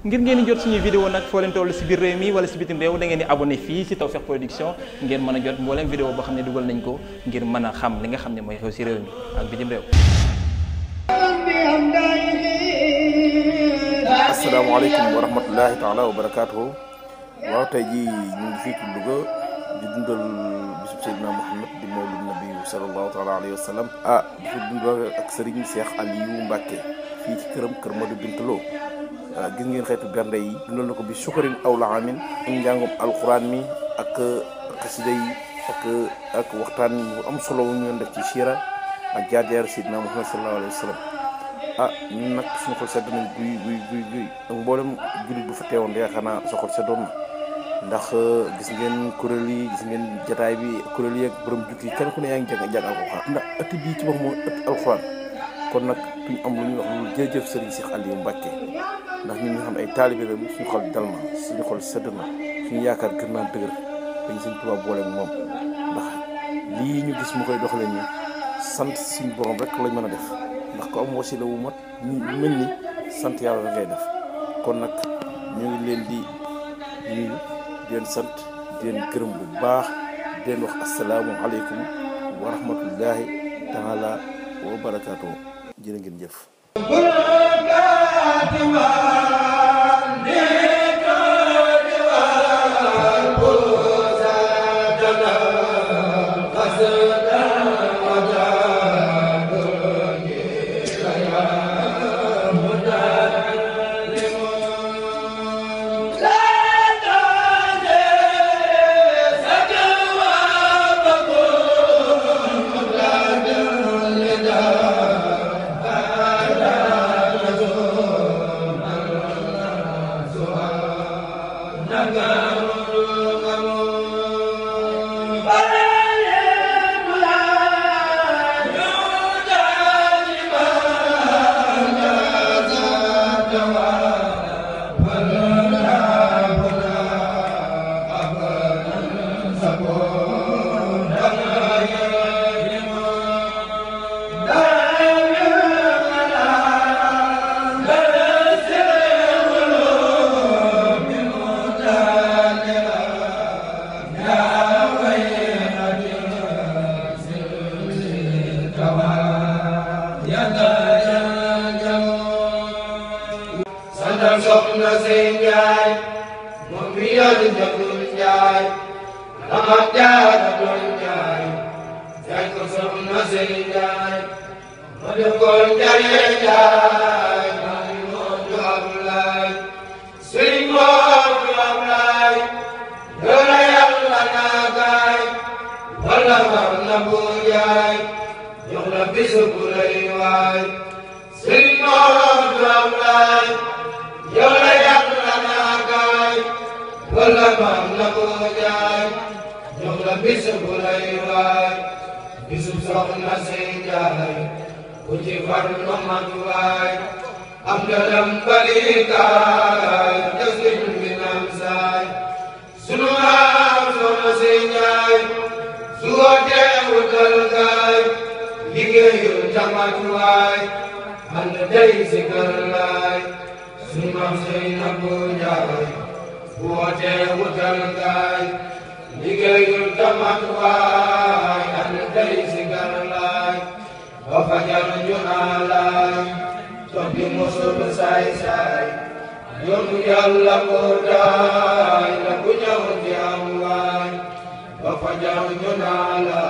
ngir ngeen jot suñu vidéo nag foo leen si biir réew mi wala si bitim réew da ngeen di abonné fii si Tawfekh Production ngeen mën a jot mbooleem vidéo boo xam ne dugal nañ ko ngir mën a xam li nga xam ne mooy xew si réew mi ak bitim réew asalaamaaleykum wa tey jii ñu ngi fii ci Louga di dundal bisub Seydina Muhammad di mawlid nabi sallallahu taala alayhi wa sallam ah di ko dundal ak Serigne Cheikh Aliou Mbacke fii ci këram kër Madou Bintaloo voilà gis ngeen xeetu bernde yi dundal na ko bi sukarin aw la amin njàngum alquran mi ak xasida yi ak ak waxtaan bu am solo wu ñu doon ci siira ak jaar-jaar sidna Muhammad sallallahu alayhi wa sallam ah ñun nag suñu xol sedd nañ guy guy guy guy bu fa teewoon yaakaar naa sa xol seddoon na ndax eh, gis ngeen kuréel yi gis ngeen jataay bi kuréel yi ak borom jukki kenn ku ne yaa ngi jàng jàng alxuraan ndax ëtt bii ci boppam moo ëtt alxuraan kon nag ñu am lu ñuy wax loolu jërëjëf Serigne Cheikh Aliou Mbacke ndax ñun ñu xam ay taalibe la suñu xol dal na suñu xol sedd na suñu yaakaar gën naa dëgër dañ seen tubaab moom ndax lii ñu gis mu sant suñu borom rek lañ mën a def ndax ko am wasila wu mat mel ni sant yàlla la ngay def kon nag ñu ngi leen di nuyu di leen sant di leen gërëm bu baax di leen wax asalaamu aleykum wa rahmatullahi taala wa jërë ngeen jëf soxna sey njaay moom mi yor njabul njaay dama jaara doon njaay jaay ko soxna sey njaay ma def ko njaree njaay ma ni moodu ablaay sëriñ moodu ablaay yore yàlla naa gaay wala war na bu yaay na bis bu rëy waay Sëriñ Moroom Doomu Laay yow la yàgg la naa gaay wala maam la ko jaay jox la bis bu rëy waay bisu soxna say jaay ku ci farlu man waay am dalam bari kaay yu tamat waay ànd day sikar laay suñ maam Seynabu Njaay bu wootee wutal ngaay liggéey yu tamat waay ànd day sikar laay ba fajar ñu naan laay toppi musul saay saay yoonu yàlla moo daay la ku ñëw di am waay ba fajar ñu naan laay